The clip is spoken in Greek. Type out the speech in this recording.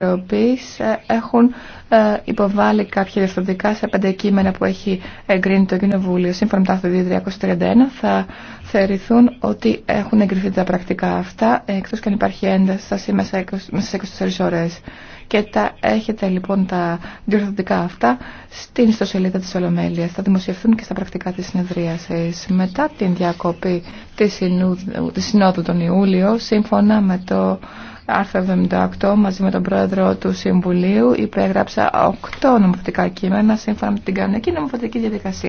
οποίες ε, έχουν ε, υποβάλει κάποια διευθυντικά σε πέντε κείμενα που έχει εγκρίνει το Κοινοβούλιο σύμφωνα με το 231 θα θεωρηθούν ότι έχουν εγκριθεί τα πρακτικά αυτά εκτός και αν υπάρχει ένταση μέσα, μέσα στις 24 ώρες και τα έχετε λοιπόν τα διορθωτικά αυτά στην ιστοσελίδα της Ολομέλειας θα δημοσιευθούν και στα πρακτικά της συνεδρίασης μετά την διακοπή της, συνόδου τον Ιούλιο σύμφωνα με το άρθρο 78 μαζί με τον πρόεδρο του Συμβουλίου υπέγραψα 8 νομοθετικά κείμενα σύμφωνα με την κανονική νομοθετική διαδικασία.